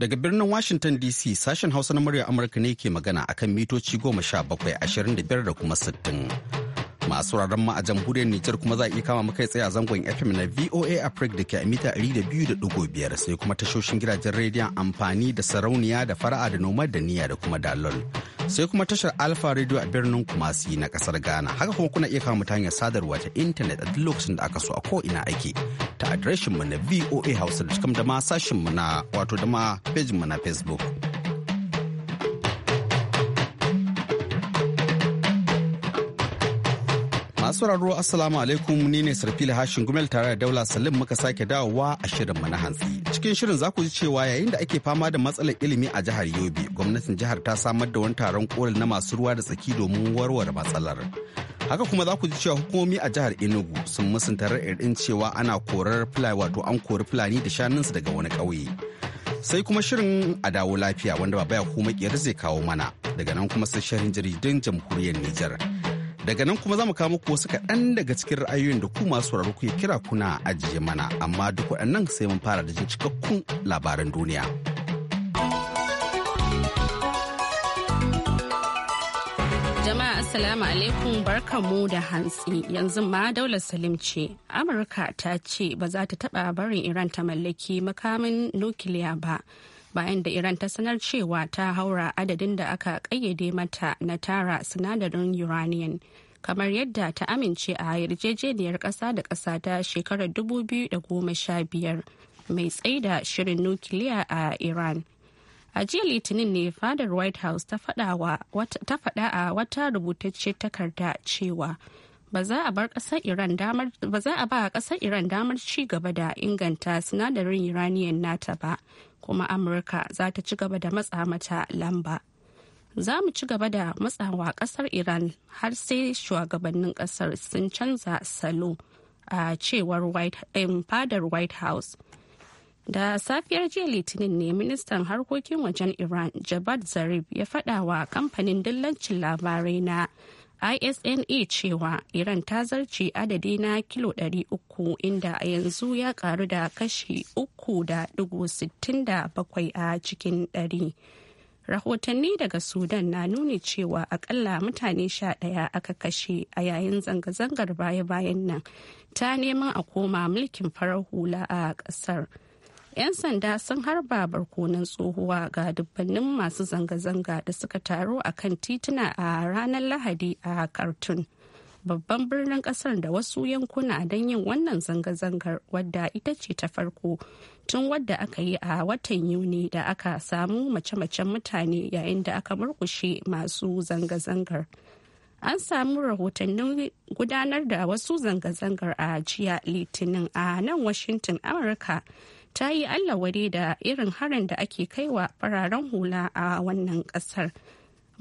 Daga birnin Washington DC sashen Hausa na murya Amurka ne ke magana akan mitoci goma sha bakwai ashirin da biyar da kuma sittin. Masu sauraron ma a jamhuriyar Nijar kuma za a iya kama muka tsaye a zangon FM na VOA Africa da ke a mita biyar sai kuma tashoshin gidajen rediyon amfani da sarauniya da fara'a da noma da niyya da kuma dalol. Sai kuma tashar Alpha Radio a birnin Kumasi na kasar Ghana. Haka kuma kuna iya kama ta hanyar sadarwa ta intanet a duk lokacin da aka so a ko ko'ina ake ta adireshin mu na voa hausa da ma sashin mu na wato da ma mu na Facebook. Masu sauraro Assalamu alaikum ni ne sarfili Hashin Gumel tare da Daula Salim muka sake dawowa a shirin mu na hantsi. Cikin shirin za ku ji cewa yayin da ake fama da matsalar ilimi a jihar Yobe, gwamnatin jihar ta samar da wani taron korin na masu ruwa da tsaki domin warware matsalar. Haka kuma za ku ji cewa hukumomi a jihar Enugu sun musanta irin cewa ana korar fulani wato an kori fulani da shanunsu daga wani ƙauye. Sai kuma shirin a dawo lafiya wanda babaya baya kuma zai kawo mana daga nan kuma sai shirin jaridun jamhuriyar Nijar. daga nan kuma za mu kawo muku wasu kaɗan daga cikin ra'ayoyin da ku masu sauraro ku kira kuna ajiye mana amma duk waɗannan sai mun fara da jin cikakkun labaran duniya. Jama'a Assalamu alaikum barkamu da hantsi yanzu ma daula Salim ce. Amurka ta ce ba za ta taɓa barin Iran ta mallaki makamin nukiliya ba. bayan da iran ta sanar cewa ta haura adadin da aka kayyade mata na tara sinadarin uranium kamar yadda ta amince a yarjejeniyar ƙasa da ƙasa ta shekarar 2015 mai tsaida shirin nukiliya a iran a jiya litinin ne fadar white house ta faɗa a wata rubutacce takarda cewa ba za a ba ƙasar iran damar ci gaba da inganta sinadarin uranium nata ba kuma amurka za ta ci gaba da matsa mata lamba za mu ci gaba da matsawa kasar iran har sai shugabannin kasar sun canza salo a cewar fadar white house da safiyar jiya litinin ne ministan harkokin wajen iran jabad zarif ya faɗa wa kamfanin dillancin labarai na isna cewa iran ta zarce adadi na kilo uku inda a yanzu ya karu da kashi 3.67 a cikin 100 rahotanni daga sudan na nuni cewa akalla mutane sha ɗaya aka kashe a yayin zanga-zangar baya-bayan nan ta neman a koma mulkin farar hula a ƙasar. 'yan sanda sun harba barkonan tsohuwa ga dubbannin masu zanga-zanga da suka taru a kan tituna a ranar lahadi a kartun babban birnin kasar da wasu yankuna don yin wannan zanga-zangar wadda ita ce ta farko tun wadda aka yi a watan yuni da aka samu mace-macen mutane yayin da aka murkushe masu zanga-zangar an samu rahotannin gudanar da wasu zanga-zangar a jiya litinin a nan washington amurka ta yi allah wade da irin harin da ake kaiwa fararen hula a wannan kasar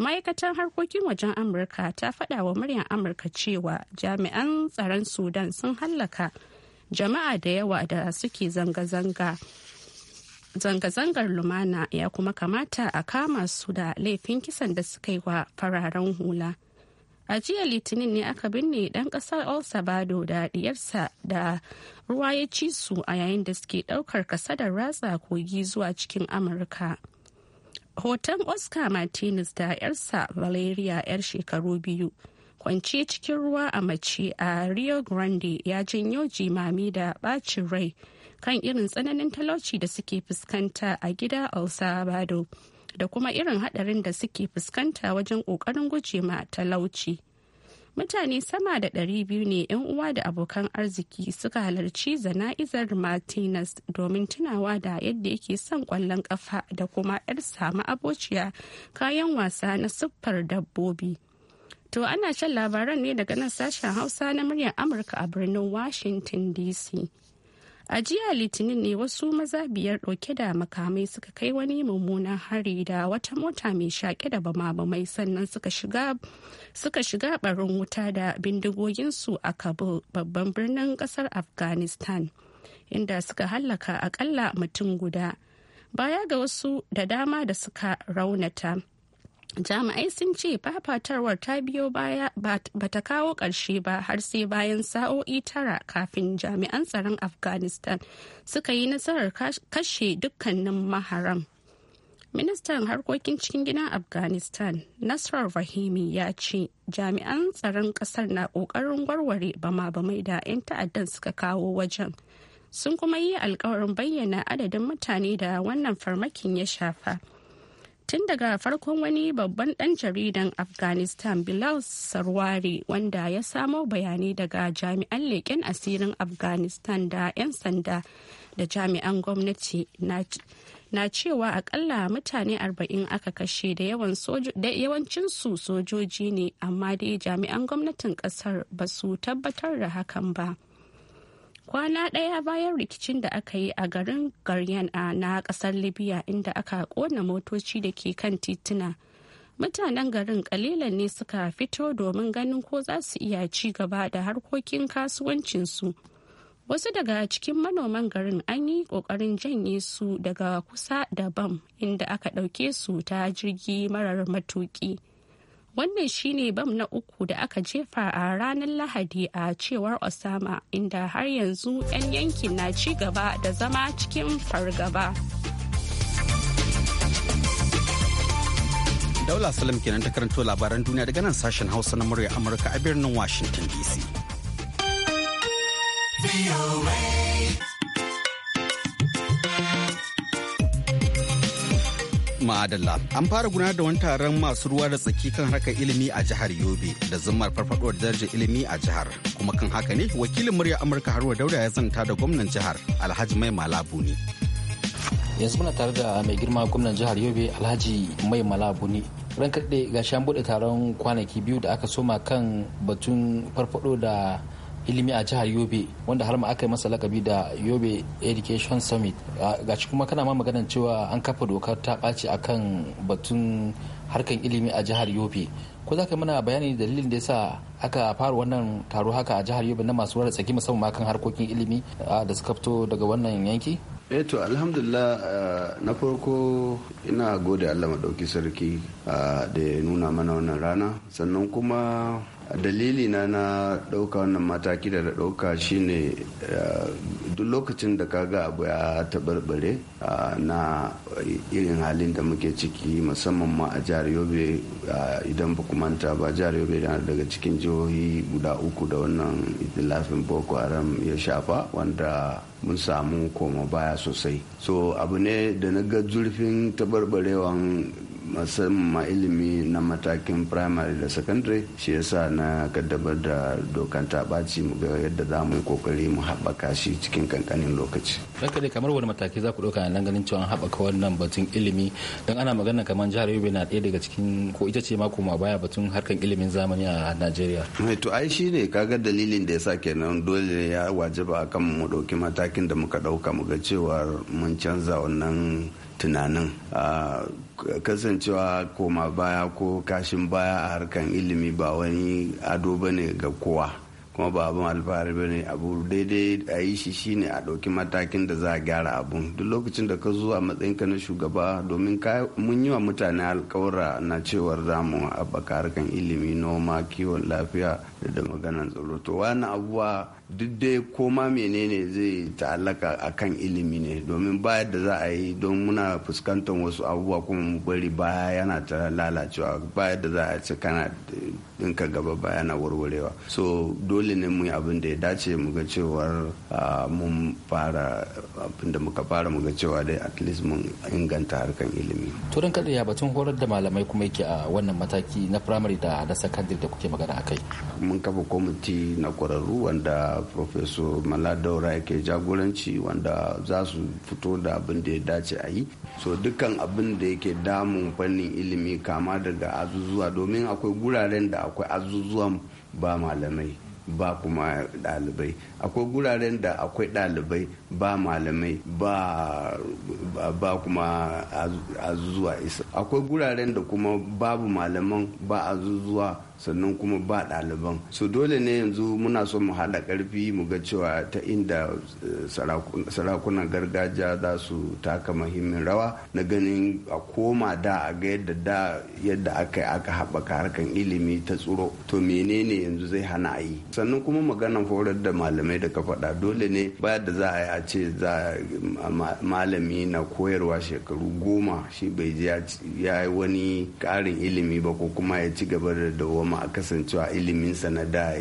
ma'aikatan harkokin wajen amurka ta faɗa wa muryar amurka cewa jami'an tsaron sudan sun hallaka jama'a da yawa da suke zanga-zanga zanga-zangar lumana ya kuma kamata a kama su da laifin kisan da suka yi wa fararen hula. a jiya litinin ne aka binne dan kasar el sabado da diyarsa da ruwa ya ci su a yayin da suke daukar kasadar ratsa kogi zuwa cikin amurka hoton oscar martinez da yarsa valeria yar shekaru biyu kwance cikin ruwa a mace a rio grande ya janyo jimami da bacin rai kan irin tsananin talauci da suke fuskanta a gida el sabado da kuma irin haɗarin da suke fuskanta wajen ƙoƙarin guje ma talauci. Mutane sama da ɗari biyu ne 'yan uwa da abokan arziki suka halarci zana'izar Martinez domin tunawa da yadda yake son ƙwallon ƙafa da kuma 'yar samu abociya kayan wasa na siffar dabbobi. To ana shan labaran ne daga nan sashen Hausa na muryar Amurka a birnin Washington DC. a jiya litinin ne wasu maza biyar ɗauke da makamai suka kai wani mummunan hari da wata mota mai shaƙe da bama-bamai sannan suka shiga ɓarin barin wuta da bindigoginsu a kabul babban birnin ƙasar afghanistan inda suka hallaka akalla mutum guda baya ga wasu da dama da suka raunata jami'ai sun ce fafatarwar ta biyo baya ba ta kawo ƙarshe ba har sai bayan sa'o'i tara kafin jami'an tsaron afghanistan suka yi nasarar kashe dukkanin maharam ministan harkokin cikin gidan afghanistan nasrar rahimi ya ce jami'an tsaron ƙasar na ƙoƙarin warware bama-bamai da 'yan ta'addan suka kawo wajen sun kuma yi alkawarin bayyana adadin mutane da wannan farmakin ya shafa. tun daga farkon wani babban dan jaridan afghanistan bilal sarwari wanda ya samo bayanai daga jami'an leƙen asirin afghanistan da 'yan sanda da jami'an gwamnati na cewa akalla mutane 40 aka kashe da yawancinsu sojoji ne amma dai jami'an gwamnatin kasar ba su tabbatar da hakan ba. kwana ɗaya bayan rikicin da aka yi a garin garyan na ƙasar libya inda aka ƙona motoci da ke kan tituna mutanen garin kalilan ne suka fito domin ganin ko za su iya ci gaba da harkokin kasuwancinsu wasu daga cikin manoman garin an yi kokarin janye su daga kusa da bam inda aka ɗauke su ta jirgi marar matuki wannan shine bam na uku da aka jefa a ranar lahadi a cewar osama inda har yanzu 'yan yankin na ci gaba da zama cikin fargaba daula salam kenan ta karanto labaran duniya daga nan sashen hausa na murya amurka a birnin washington dc Adalla. An fara gudanar da wani taron masu ruwa da tsaki kan harkar ilimi a jihar Yobe da zummar farfadowar darajar ilimi a jihar. Kuma kan haka ne wakilin murya Amurka Haruwa Dauda ya zanta da gwamnan jihar Alhaji Mai Malabuni. Yanzu muna tare da mai girma gwamnan jihar Yobe Alhaji Mai malabuni Ran kaɗe ga an buɗe taron kwanaki biyu da aka soma kan batun farfaɗo da ilimi a jihar yobe wanda har ma aka yi masa lakabi da yobe education summit ga shi kuma kana ma maganar cewa an kafa dokar ta ɓaci kan batun harkan ilimi a jihar yobe ko za ka mana bayani dalilin da ya sa aka fara wannan taro haka a jihar yobe na masu wara tsaki musamman kan harkokin ilimi da suka fito daga wannan yanki eh to alhamdulillah na farko ina gode allah maɗauki sarki da ya nuna mana wannan rana sannan kuma dalili na na ɗauka wannan mataki da ɗauka shine eh, duk lokacin da kaga abu ya taɓarɓare ah, na irin halin da muke ciki musamman ma a jihar yobe ah, idan ba manta ba jihar yobe yana daga cikin jihohi guda uku da wannan itilafin boko haram ya shafa wanda mun samu koma baya sosai so abu ne da na ga zurfin taɓarɓarewan musamman ilimi na matakin primary da secondary shi yasa na kaddabar da dokan ta ɓaci mu ga yadda za mu kokari mu haɓaka shi cikin kankanin lokaci. Ranka dai kamar wani mataki za ku ɗauka nan ganin cewa haɓaka wannan batun ilimi don ana magana kamar jihar Yobe na ɗaya daga cikin ko ita ce mako ma baya batun harkan ilimin zamani a Najeriya. Mai eh to ai shi ne kaga dalilin da yasa kenan dole ya wajaba kan mu ɗauki matakin da muka ɗauka mu ga cewa mun canza wannan tunanin ah, kasancewa koma baya ko kashin baya a harkan ilimi ba wani ado ba ne ga kowa kuma ba abin alfahari ba ne abu daidai a yi shi shine a ɗauki matakin da za a gyara abun duk lokacin da ka zo a matsayinka na shugaba domin mun yi wa mutane alkawura na cewar zamu haɓaka harkan ilimi noma kiwon lafiya da maganan tsaro to wani abuwa duk dai koma menene zai ta'allaka a kan ilimi ne domin ba da za a yi don muna fuskantar wasu abubuwa kuma mu bari baya yana ta lalacewa ba da za a ci kana dinka gaba baya na warwarewa so dole ne mu yi abin da ya dace mu ga cewar mun fara abin da muka fara mu ga cewa dai at least mun inganta harkan ilimi turin kada ya batun horar da malamai kuma yake a wannan mataki na primary da na secondary da kuke magana akai mun kafa kwamiti na kwararru wanda professor maladaura yake jagoranci wanda za su fito da abin da ya dace a yi so dukkan abin da yake damun fannin ilimi kama daga azuzuwa domin akwai guraren da akwai azuzuwan ba malamai ba kuma dalibai akwai guraren da akwai dalibai ba malamai ba ba kuma azuzuwa isa akwai guraren da kuma babu malaman ba azuzuwa sannan kuma ba ɗaliban so dole ne yanzu muna so mu haɗa ƙarfi mu ga cewa ta inda eh, sarakunan gargajiya za su taka muhimmin rawa na ganin a koma da a ga yadda da yadda aka yi aka haɓaka harkan ilimi ta tsoro to menene yanzu zai hana a yi sannan kuma maganan horar da malamai da ka faɗa dole ne ba da za a yi a ce za malami na koyarwa shekaru goma shi bai je ya yi wani ƙarin ilimi ba ko kuma ya ci gaba da dawoma kuma a kasancewa iliminsa na da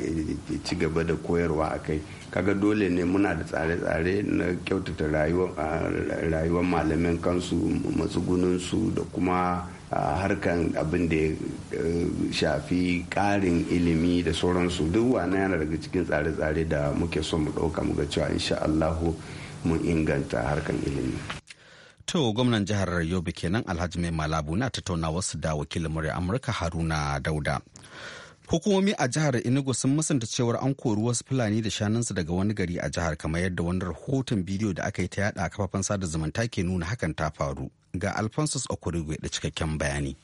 ci gaba da koyarwa a kai kaga dole ne muna da tsare-tsare na kyautata rayuwar malamin kansu matsugunansu da kuma harkan abin da ya e, shafi karin ilimi da sauransu duk wane yana daga cikin tsare-tsare da muke so mu ɗauka muga cewa insha Allahu mun inganta harkan ilimi. To gwamnan jihar Yobe kenan Alhaji Mai Malabu na tattaunawarsu wasu da wakilin murya Amurka Haruna Dauda. Hukumomi a jihar Enugu sun musanta cewar an kori wasu Fulani da shanunsu daga wani gari a jihar kamar yadda wani rahoton bidiyo da aka yi ta yada a kafafen sada zumunta ke nuna hakan ta faru. Ga Alphonsus Okorigo da cikakken bayani.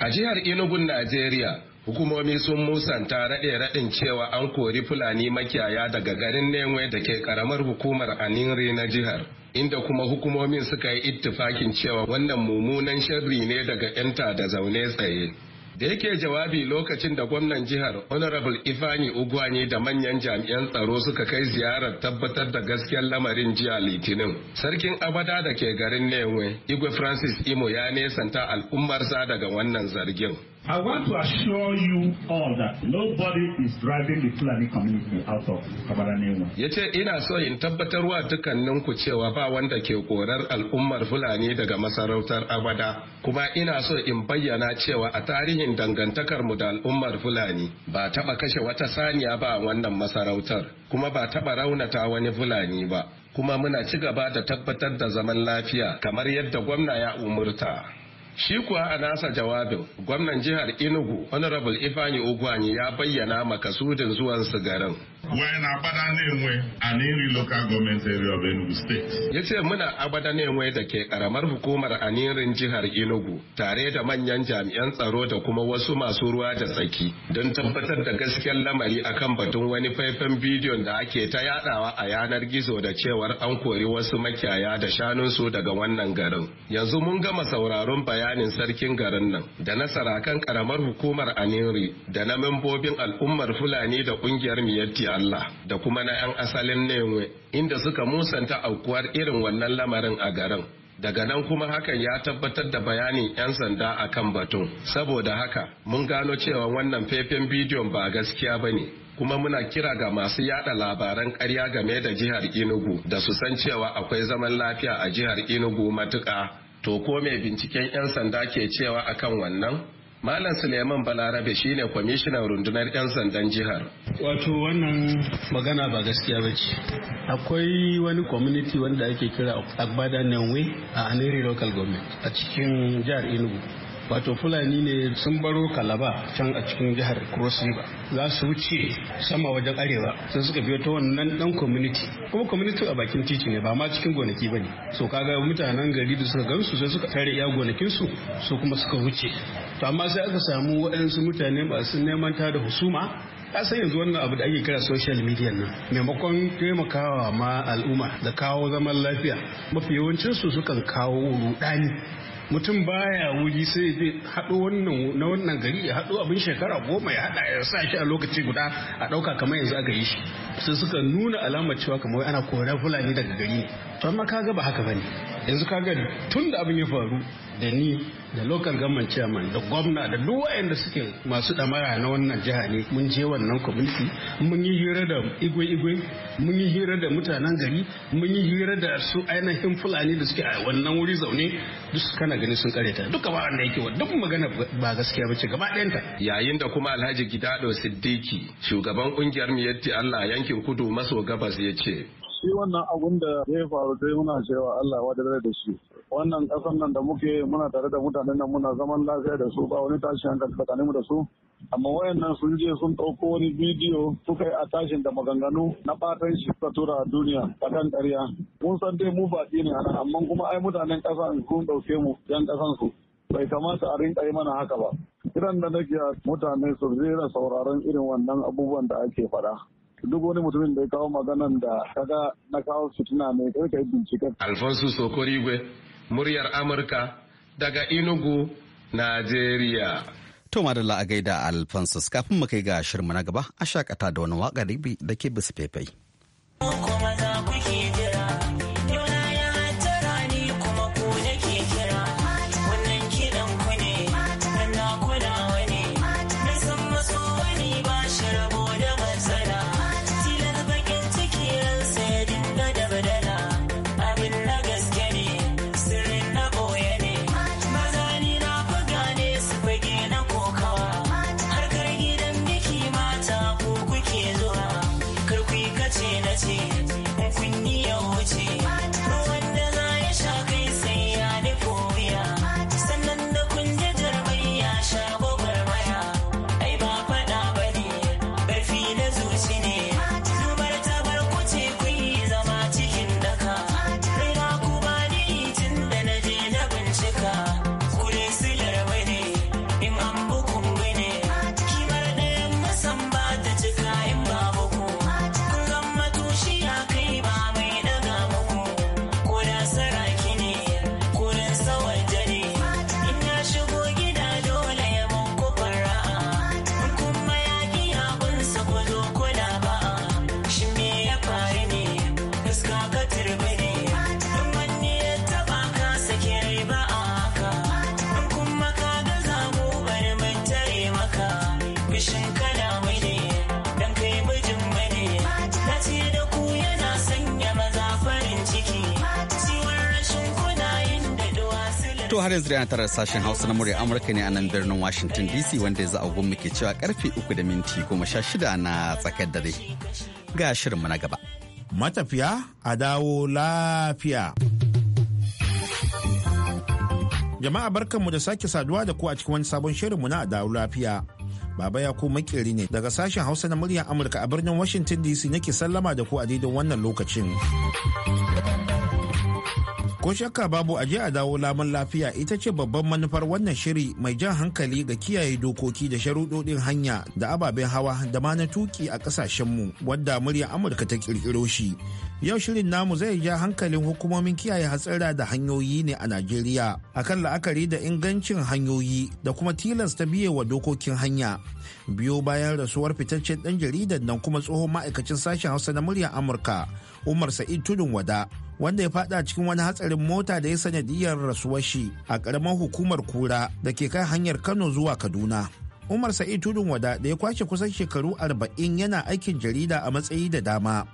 A jihar Enugun Najeriya, hukumomi sun musanta raɗe raɗin cewa an kori Fulani makiyaya daga garin newe da ke karamar hukumar anire na jihar. inda kuma hukumomin suka yi ittifakin cewa wannan mummunan shirri ne daga 'yan da zaune tsaye. Da yake jawabi lokacin da gwamnan jihar Honorable Ifani Ugwani da manyan jami'an tsaro suka kai ziyarar tabbatar da gaskiyar lamarin jiya Litinin. Sarkin Abada da ke garin Newe, Igwe Francis Imo ya nesanta al'ummarsa daga wannan zargin. I want to assure you all that nobody is driving the Fulani community out of Kabaranewa. Ya ce ina so in tabbatarwa dukkanin ku cewa ba wanda ke korar al'ummar Fulani daga masarautar abada kuma ina so in bayyana cewa a tarihin dangantakar mu da al'ummar Fulani ba taba kashe wata saniya ba wannan masarautar kuma ba taba raunata wani Fulani ba kuma muna ci gaba da tabbatar da zaman lafiya kamar yadda gwamna ya umurta. Shi kuwa a nasa jawabin gwamnan jihar Enugu Honorable Ifani Ogwani ya bayyana makasudin zuwan su garin. wee na agbada na-enwe ana nri local Government area of Enugu State. Ya ce muna abada na-enwe da ke karamar hukumar anirin jihar Enugu tare da manyan jami'an tsaro da kuma wasu masu ruwa da tsaki don tabbatar da gaskiyar lamari akan batun wani faifan bidiyon da ake ta yadawa a yanar gizo da cewar an kori wasu makiyaya da shanunsu daga wannan garin. Yanzu mun gama sauraron bayanin sarkin garin nan da na sarakan karamar hukumar Aniri da na membobin al'ummar Fulani da kungiyar Miyatti Allah da kuma na 'yan asalin Newe inda suka musanta aukuwar irin wannan lamarin a garin. Daga nan kuma hakan ya tabbatar da bayanin 'yan sanda a kan batun. Saboda haka mun gano cewa wannan faifin bidiyon ba gaskiya ba ne. kuma muna kira ga masu yada labaran karya game da jihar inugu da su san cewa akwai zaman lafiya a jihar inugu matuka to ko mai binciken 'yan sanda ke cewa akan wannan Malam Suleiman Balarabe shine kwamishinan rundunar 'yan sandan jihar. Wato wannan magana ba gaskiya bace Akwai wani community wanda ake kira Agbada Nenwe a Aniri Local Government a cikin jihar Enugu. wato fulani ne sun baro kalaba can a cikin jihar cross river za su wuce sama wajen arewa sun suka biyo ta wannan dan community kuma community a bakin titi ne ba ma cikin gonaki bane so kaga mutanen gari da suka gansu sai suka tare iya gonakin su su kuma suka wuce to amma sai aka samu waɗansu mutane masu neman ta da husuma a san yanzu wannan abu da ake kira social media nan maimakon taimakawa ma al'umma da kawo zaman lafiya mafi yawancin sukan kawo rudani mutum baya wuri sai ya haɗo wannan na wannan gari ya haɗo abin shekara goma ya haɗa ya sa shi a lokaci guda a ɗauka kamar yanzu aka yi shi sai suka nuna alamar cewa kamar ana kore fulani daga gari ne to amma kaga ba haka bane yanzu kaga tun da abin ya faru da ni da local government chairman da gwamna da duk waɗanda suke masu ɗamara na wannan jiha ne mun je wannan community mun yi hira da igwe-igwe mun yi hira da mutanen gari mun yi hira da su ainihin fulani da suke a wannan wuri zaune duk kana gani sun kare ta duka ba wanda yake duk magana ba gaskiya bace gaba ɗayanta yayin da kuma Alhaji Gidado Siddiki shugaban kungiyar Miyatti Allah yankin Kudu maso gabas ya ce shi wannan abun da ya faru dai muna cewa Allah wa da shi wannan kasan nan da muke muna tare da mutanen nan muna zaman lafiya da su ba wani tashin hankali tsakanin mu da su amma wayannan sun je sun ɗauko wani bidiyo suka yi a tashin da maganganu na fatan shi suka tura a duniya a kan ƙarya mun san dai mu baƙi ne ana amma kuma ai mutanen ƙasa kun ɗauke mu yan ƙasan su bai kamata a rinƙa yi mana haka ba kiran da nake mutane su zira sauraron irin wannan abubuwan da ake faɗa duk wani mutumin da ya kawo maganan da kaga na kawo fitina mai karka yi binciken. Alfonso Sokorigwe, muryar Amurka daga inugu Najeriya. To da a gaida Alfonso kafin mu kai ga shirma na gaba a shakata da wani waƙa da ke bisa faifai. yanzu da tara sashen Hausa na murya Amurka ne a nan birnin Washington DC wanda yanzu agun muke cewa karfe uku da minti goma sha shida na tsakar dare. Ga shirinmu na gaba. Matafiya a dawo lafiya. Jama'a barkanmu da sake saduwa da ku a cikin wani sabon shirinmu na a dawo lafiya. Baba ya ku makeri ne daga sashen Hausa na muryar Amurka a birnin Washington DC nake sallama da ku a daidai wannan lokacin. Ko shakka babu aje a dawo laman lafiya ita ce babban manufar wannan shiri mai jan hankali ga kiyaye dokoki da sharuɗoɗin hanya da ababen hawa da ma na tuki a ƙasashenmu wadda murya Amurka ta ƙirƙiro shi. Yau shirin namu zai ja hankalin hukumomin kiyaye hatsara da hanyoyi ne a Najeriya akan la'akari da ingancin hanyoyi da kuma tilasta biye wa dokokin hanya. Biyo bayan rasuwar fitaccen ɗan jaridar nan kuma tsohon ma'aikacin sashen Hausa na muryar Amurka Umar Sa'id Tudun Wada wanda ya fada cikin wani hatsarin mota da ya sanadiyar rasuwar shi a ƙaramar hukumar kura da ke kai hanyar Kano zuwa Kaduna. Umar Sa'id Tudun Wada da ya kwashe kusan shekaru arba'in yana aikin jarida a matsayi da dama.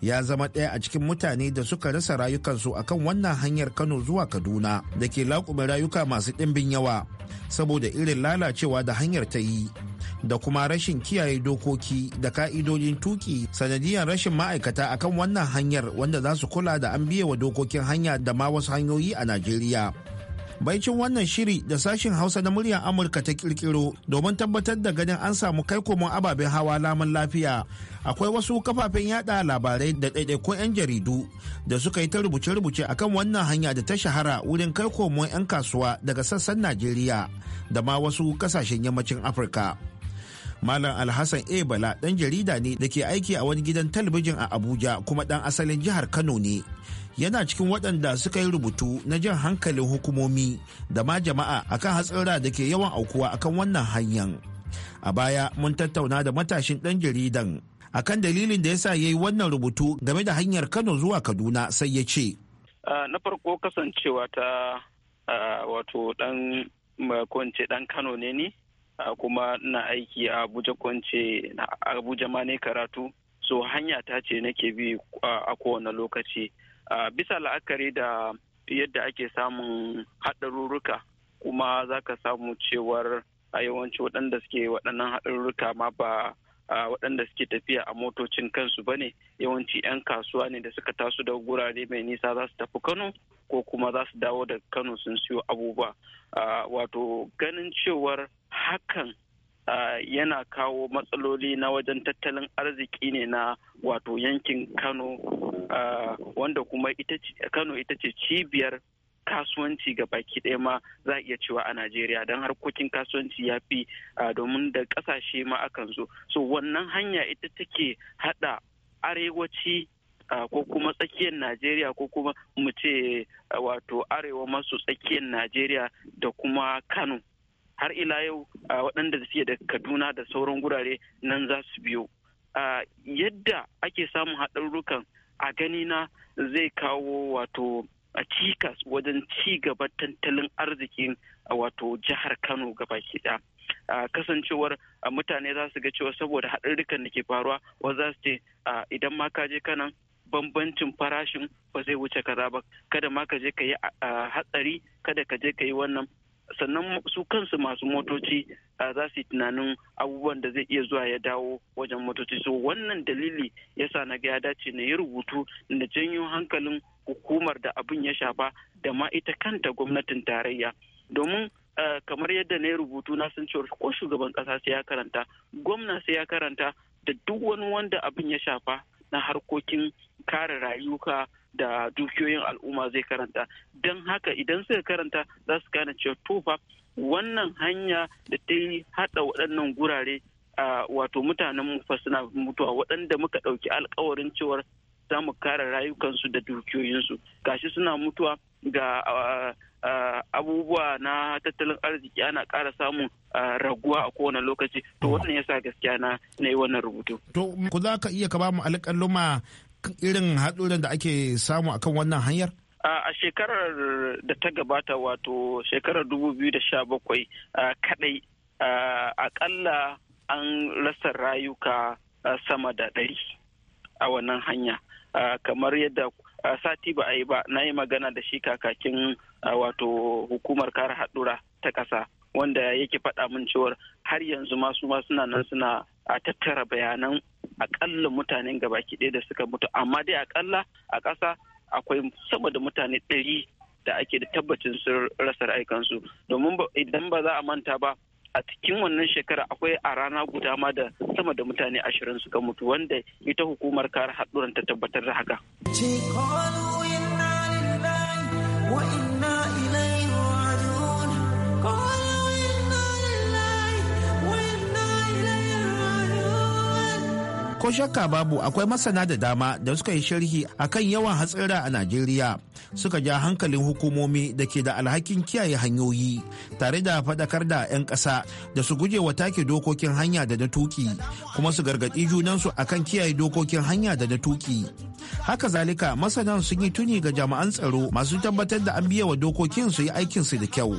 ya zama ɗaya a cikin mutane da suka rasa rayukansu a kan wannan hanyar kano zuwa kaduna da ke laƙume rayuka masu ɗimbin yawa saboda irin lalacewa da hanyar ta yi da kuma rashin kiyaye dokoki da ka'idojin tuki sanadiyar rashin ma'aikata akan wannan hanyar wanda za su kula da an wa dokokin hanya da ma wasu hanyoyi a Najeriya. Baicin wannan shiri da sashin Hausa na muryar Amurka ta kirkiro domin tabbatar da ganin an samu kai komon ababen hawa laman lafiya. Akwai wasu kafafen yada labarai da ɗaiɗaikun 'yan jaridu da suka yi ta rubuce-rubuce akan wannan hanya da ta shahara wurin kai komon 'yan kasuwa daga sassan Najeriya da ma wasu kasashen yammacin Afirka. Malam Alhassan A. Bala ɗan jarida ne da ke aiki a wani gidan talabijin a Abuja kuma ɗan asalin jihar Kano ne. Yana cikin waɗanda suka yi rubutu na jan hankalin hukumomi da ma jama'a akan hatsara da ke yawan aukuwa akan wannan hanyar. A baya mun tattauna da matashin ɗan jaridan a kan dalilin da ya sa ya yi wannan rubutu game da hanyar Kano zuwa Kaduna sai ya ce. Na farko kasancewa ta wato ɗan ɗan Kano ne ni kuma na aiki a abuja kwance abuja ma ne karatu so hanya ta ce nake bi a kowane lokaci bisa la'akari da yadda ake samun haɗarurruka kuma za ka samu cewar a yawanci waɗanda suke waɗannan haɗarurruka ma ba waɗanda suke tafiya a motocin kansu bane yawanci 'yan kasuwa ne da suka taso da gurare mai nisa za su tafi kano ko kuma za su dawo da kano sun siyo abubuwa wato ganin cewar hakan yana kawo matsaloli na wajen tattalin arziki ne na wato yankin kano wanda kuma kano ita ce cibiyar kasuwanci ga baki ɗaya ma za a iya cewa a Najeriya don harkokin kasuwanci ya fi domin da ƙasashe ma akan zo. So wannan hanya ita take haɗa arewaci ko kuma tsakiyar Najeriya ko kuma mu ce wato arewa masu tsakiyar Najeriya da kuma Kano. Har ila yau waɗanda suke da Kaduna da sauran gurare nan za su biyo. Yadda ake samun haɗarurrukan a ganina zai kawo wato a cikas wajen ci gaba tattalin arzikin wato jihar kano gabaki a kasancewar mutane za su ga cewa saboda haɗarurrukan da ke faruwa wa za su ce idan ma ka je kanan bambancin farashin ba zai wuce kaza ba kada ma ka je ka yi hatsari kada ka je ka yi wannan sannan su kansu masu motoci za su yi tunanin abubuwan da zai iya zuwa ya dawo wajen motoci so wannan dalili ya sa na ga ya dace na yi rubutu na janyo hankalin hukumar da abin ya shafa da ma ita kanta gwamnatin tarayya domin kamar yadda na yi rubutu na sun cewar ko shugaban ƙasa sai ya karanta gwamna sai ya karanta da duk wani wanda abin ya shafa na harkokin kare rayuka da dukiyoyin al'umma zai karanta don haka idan suka karanta za su gane cewa tofa wannan hanya da ta yi haɗa waɗannan gurare a wato mutanen mufa suna mutuwa waɗanda muka ɗauki alkawarin cewar za mu kare rayukansu da dukiyoyinsu gashi suna mutuwa ga abubuwa na tattalin arziki ana ƙara samun raguwa a kowane lokaci to wannan yasa gaskiya na na yi wannan rubutu. To ku za ka iya ka ba mu alƙaluma irin haɗurin da ake samu akan wannan hanyar? a shekarar da ta gabata wato shekarar 2017 kadai akalla an rasa rayuka sama da ɗari a wannan hanya kamar yadda sati ba a yi ba na yi magana da shi kakakin wato hukumar kare haɗura ta ƙasa wanda yake faɗa min cewar har yanzu masu ma suna nan suna a tattara bayanan akalla mutanen gabaki ɗaya da suka mutu amma dai akalla a ƙasa akwai sama da mutane ɗari da ake da tabbacin sun rasa rayukansu domin idan ba za a manta ba a cikin wannan shekara akwai a rana guda ma da sama da mutane ashirin suka mutu wanda ita hukumar kare haɗuran ta tabbatar da haka. ko shakka babu akwai masana da dama da suka yi sharhi akan yawan hatsira a najeriya suka ja hankalin hukumomi da ke da alhakin kiyaye hanyoyi tare da faɗakar da 'yan ƙasa da su guje wa take dokokin hanya da na tuki kuma su gargaɗi junansu akan kiyaye dokokin hanya da na tuki haka zalika masana sun yi tuni ga jami'an tsaro masu tabbatar da an biya wa dokokin su yi aikinsu da kyau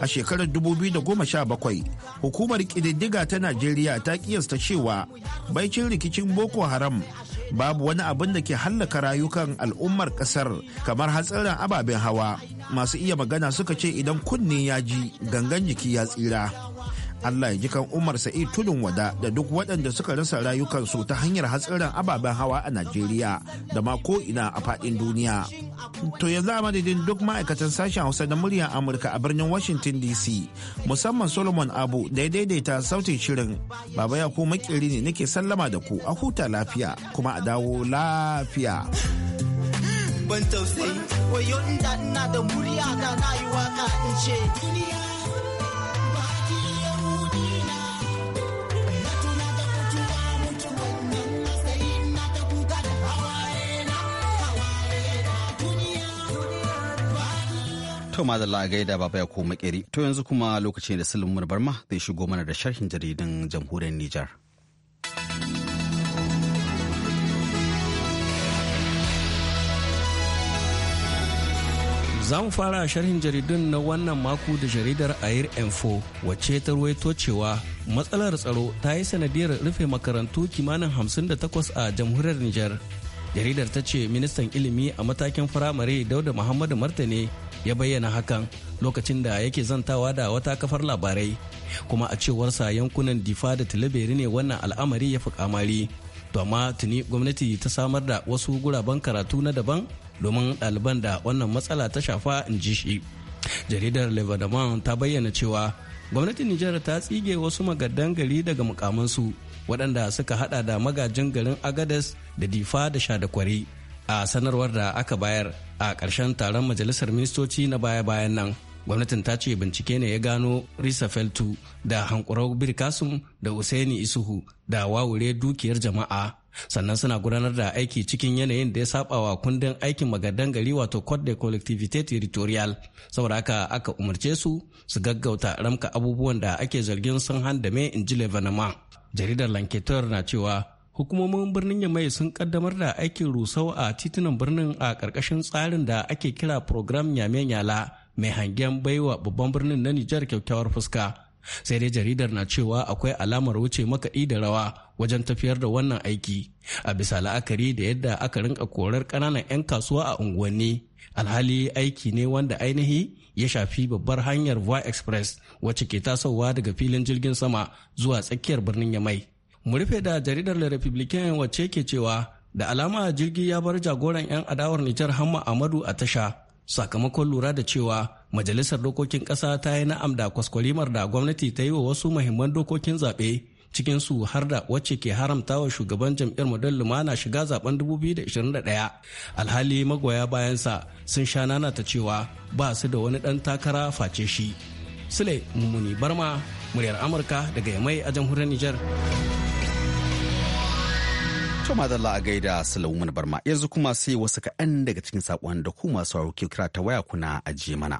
a shekarar 2017 hukumar ƙididdiga ta najeriya ta kiyasta cewa baicin rikicin boko haram babu wani abin da ke hallaka rayukan al'ummar ƙasar kamar hatsarin ababen hawa masu iya magana suka ce idan kunne ya ji gangan jiki ya tsira Allah ya ji kan Umar Sa'id Tudun Wada da duk waɗanda suka rasa rayukansu ta hanyar hatsarin ababen hawa a Najeriya da ma ko ina a faɗin duniya. To yanzu a madadin duk ma'aikatan sashen Hausa da muryar Amurka a birnin Washington DC musamman Solomon Abu da ya daidaita sautin shirin Baba ya makiri ne nake sallama da ku a huta lafiya kuma a dawo lafiya. Ban tausayi, wayo inda ina da murya da na yi in ce duniya. kyau ma zalla a gaida baba ya koma makeri. To yanzu kuma lokaci da Sulaiman Barma zai shigo mana da sharhin jaridun jamhuriyar Nijar. Za mu fara sharhin jaridun na wannan mako da jaridar Air Info wacce ta ruwaito cewa matsalar tsaro ta yi sanadiyar rufe makarantu kimanin 58 a jamhuriyar Nijar. Jaridar ta ce ministan ilimi a matakin firamare Dauda Muhammadu martani. ya bayyana hakan lokacin da yake zantawa da wata kafar labarai kuma a cewarsa yankunan difa da talabiri ne wannan al'amari ya fi kamari to amma tuni gwamnati ta samar da wasu guraben karatu na daban domin ɗaliban da wannan matsala ta shafa in ji shi jaridar lebanon ta bayyana cewa gwamnatin nijar ta tsige wasu magadan gari daga mukamansu waɗanda suka hada da magajin garin agadas da difa da sha da kwari. a sanarwar da aka bayar a ƙarshen taron majalisar ministoci na baya-bayan nan gwamnatin ta ce bincike ne ya gano risa feltu da hankurar birkasum da usaini isuhu da wawure dukiyar jama'a sannan suna gudanar da aiki cikin yanayin da ya saba wa kundin aikin magadan gari wato code de collectivité territorial saboda haka aka umarce su su gaggauta ramka abubuwan da ake zargin sun handame in ji jaridar lanketor na cewa hukumomin birnin yamai sun kaddamar da aikin rusau a titunan birnin a ƙarƙashin tsarin da ake kira program yame yala mai hangen baiwa babban birnin na nijar kyakkyawar fuska sai dai jaridar na cewa akwai alamar wuce makaɗi da rawa wajen tafiyar da wannan aiki a bisa la'akari da yadda aka rinka korar ƙananan 'yan kasuwa a unguwanni alhali aiki ne wanda ainihi ya shafi babbar hanyar voie express wacce ke tasowa daga filin jirgin sama zuwa tsakiyar birnin yamai mu rufe da jaridar le republican wacce ke cewa da alama jirgi ya bar jagoran 'yan adawar nijar hamma amadu a tasha sakamakon lura da cewa majalisar dokokin ƙasa ta yi na'am da kwaskwalimar da gwamnati ta yi wa wasu mahimman dokokin zaɓe cikinsu har da wacce ke haramta wa shugaban jam'iyyar model lumana shiga zaben 2021 alhali magoya bayansa sun sha nana ta cewa ba su da wani ɗan takara face shi sule mummuni barma muryar amurka daga yamai a jamhuriyar niger kuma da a gaida salamun barma yanzu kuma sai wasu kaɗan daga cikin saƙon da ku masu sauraro ke kira ta waya kuna ajiye mana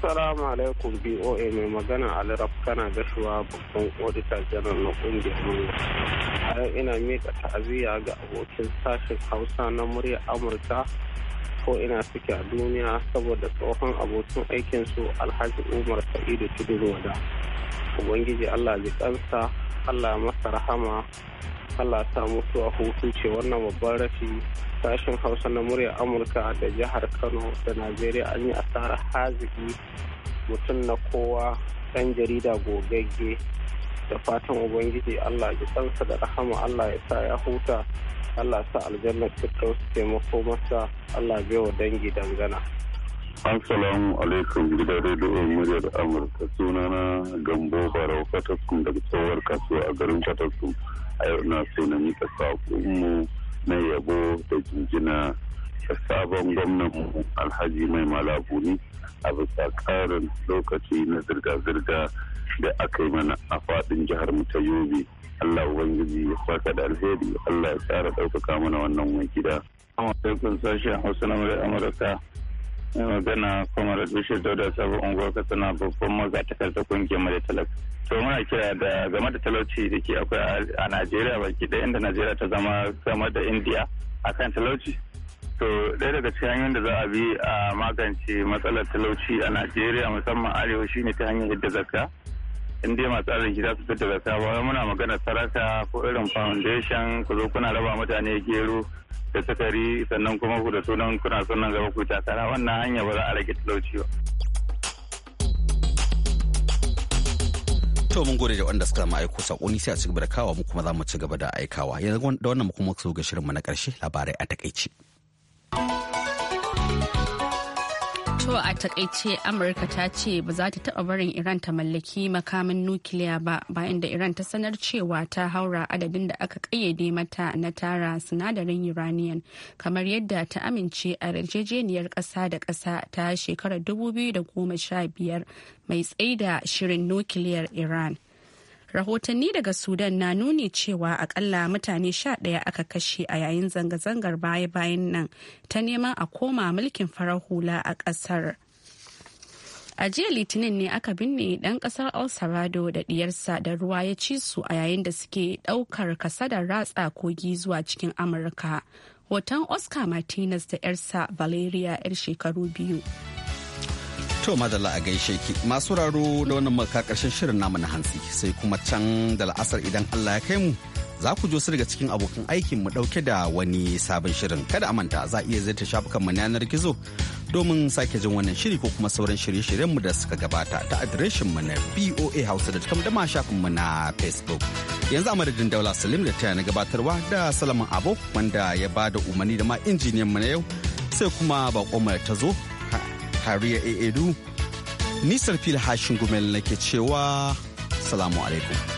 Assalamu alaikum BOA mai magana Alirab kana gashuwa babban odita janar na kungiyar A yau ina mika ta'aziyya ga abokin sashen Hausa na murya Amurka ko ina suke a duniya saboda tsohon abokin aikinsu Alhaji Umar Sa'idu Tudu Roda. Ubangiji Allah ya kansa, Allah masa rahama, Allah sa mutu a hutu ce wannan babban rafi sashen hausa na murya amurka da jihar kano da najeriya an yi asarar haziki mutum na kowa ɗan jarida gogagge da fatan ubangiji allah ji kansa da rahama allah ya sa ya huta allah sa aljannar firdaus taimako masa allah wa dangi dangana Assalamu alaikum gidan rediyo muryar Amurka sunana Gambo Barau fatakun daga tsohuwar kasuwa a garin fatakun a yau na so na miƙa saƙonmu na yabo da jinjina da sabon gwamnanmu alhaji mai malabuni a bisa ƙarin lokaci na zirga-zirga da aka yi mana a faɗin jihar mu ta yobe allah ubangiji ya saka da alheri allah ya tsara ɗaukaka mana wannan mai gida. sashen Hausa na Amurka. magana kwamar bishir dauda sabon unguwar katsina babban magatakar ta kungiyar mai talaka to muna kira da game da talauci da ke akwai a najeriya baki da inda najeriya ta zama sama da indiya akan talauci to ɗaya daga cikin hanyoyin da za a bi a magance matsalar talauci a najeriya musamman arewa shine ta hanyar hidda zakka in dai masu arziki za su fitar da zakka muna magana saraka ko irin foundation ku zo kuna raba mutane gero da sukari sannan kuma ku da sunan kuna sunan gaba ku takara wannan hanya ba za a rage talauci ba. To mun gode da wanda suka ma aiko sakonni sai a cigaba da kawo mu kuma za mu cigaba da aikawa yanzu da wannan mu kuma so ga shirinmu na karshe labarai a takaici. To a takaice Amurka ta ce ba za ta taɓa barin Iran ta mallaki makamin nukiliya ba bayan da Iran ta sanar cewa ta haura adadin da aka ƙayyade mata na tara sinadarin iranian kamar yadda ta amince a yarjejeniyar ƙasa da ƙasa ta shekarar 2015 mai tsaida shirin nukiliyar Iran. rahotanni daga sudan na nuni cewa akalla mutane sha ɗaya aka kashe a yayin zanga-zangar baya-bayan nan ta neman a koma mulkin farar hula a ƙasar a jiya litinin ne aka binne ɗan ƙasar el salvador da ɗiyarsa da ruwa ya ci su a yayin da suke ɗaukar kasadar ratsa kogi zuwa cikin amurka hoton oscar martinez da 'yarsa valeria 'yar shekaru biyu To madalla a gaishe ki masu raro da wannan maka karshen shirin namu na hantsi sai kuma can da la'asar idan Allah ya kai mu za ku jo su daga cikin abokan aikin mu dauke da wani sabon shirin kada a manta za iya zai ta shafukan mu yanar gizo domin sake jin wannan shiri ko kuma sauran shirye-shiryen mu da suka gabata ta adireshin mu na hausa da ma shafin mu na facebook yanzu a madadin daula salim da taya na gabatarwa da salaman abo wanda ya bada umarni da ma injiniyan mu na yau sai kuma bakon mu ta zo Kariya Edu, nisar fil hashin gumel ke cewa salamu alaikum.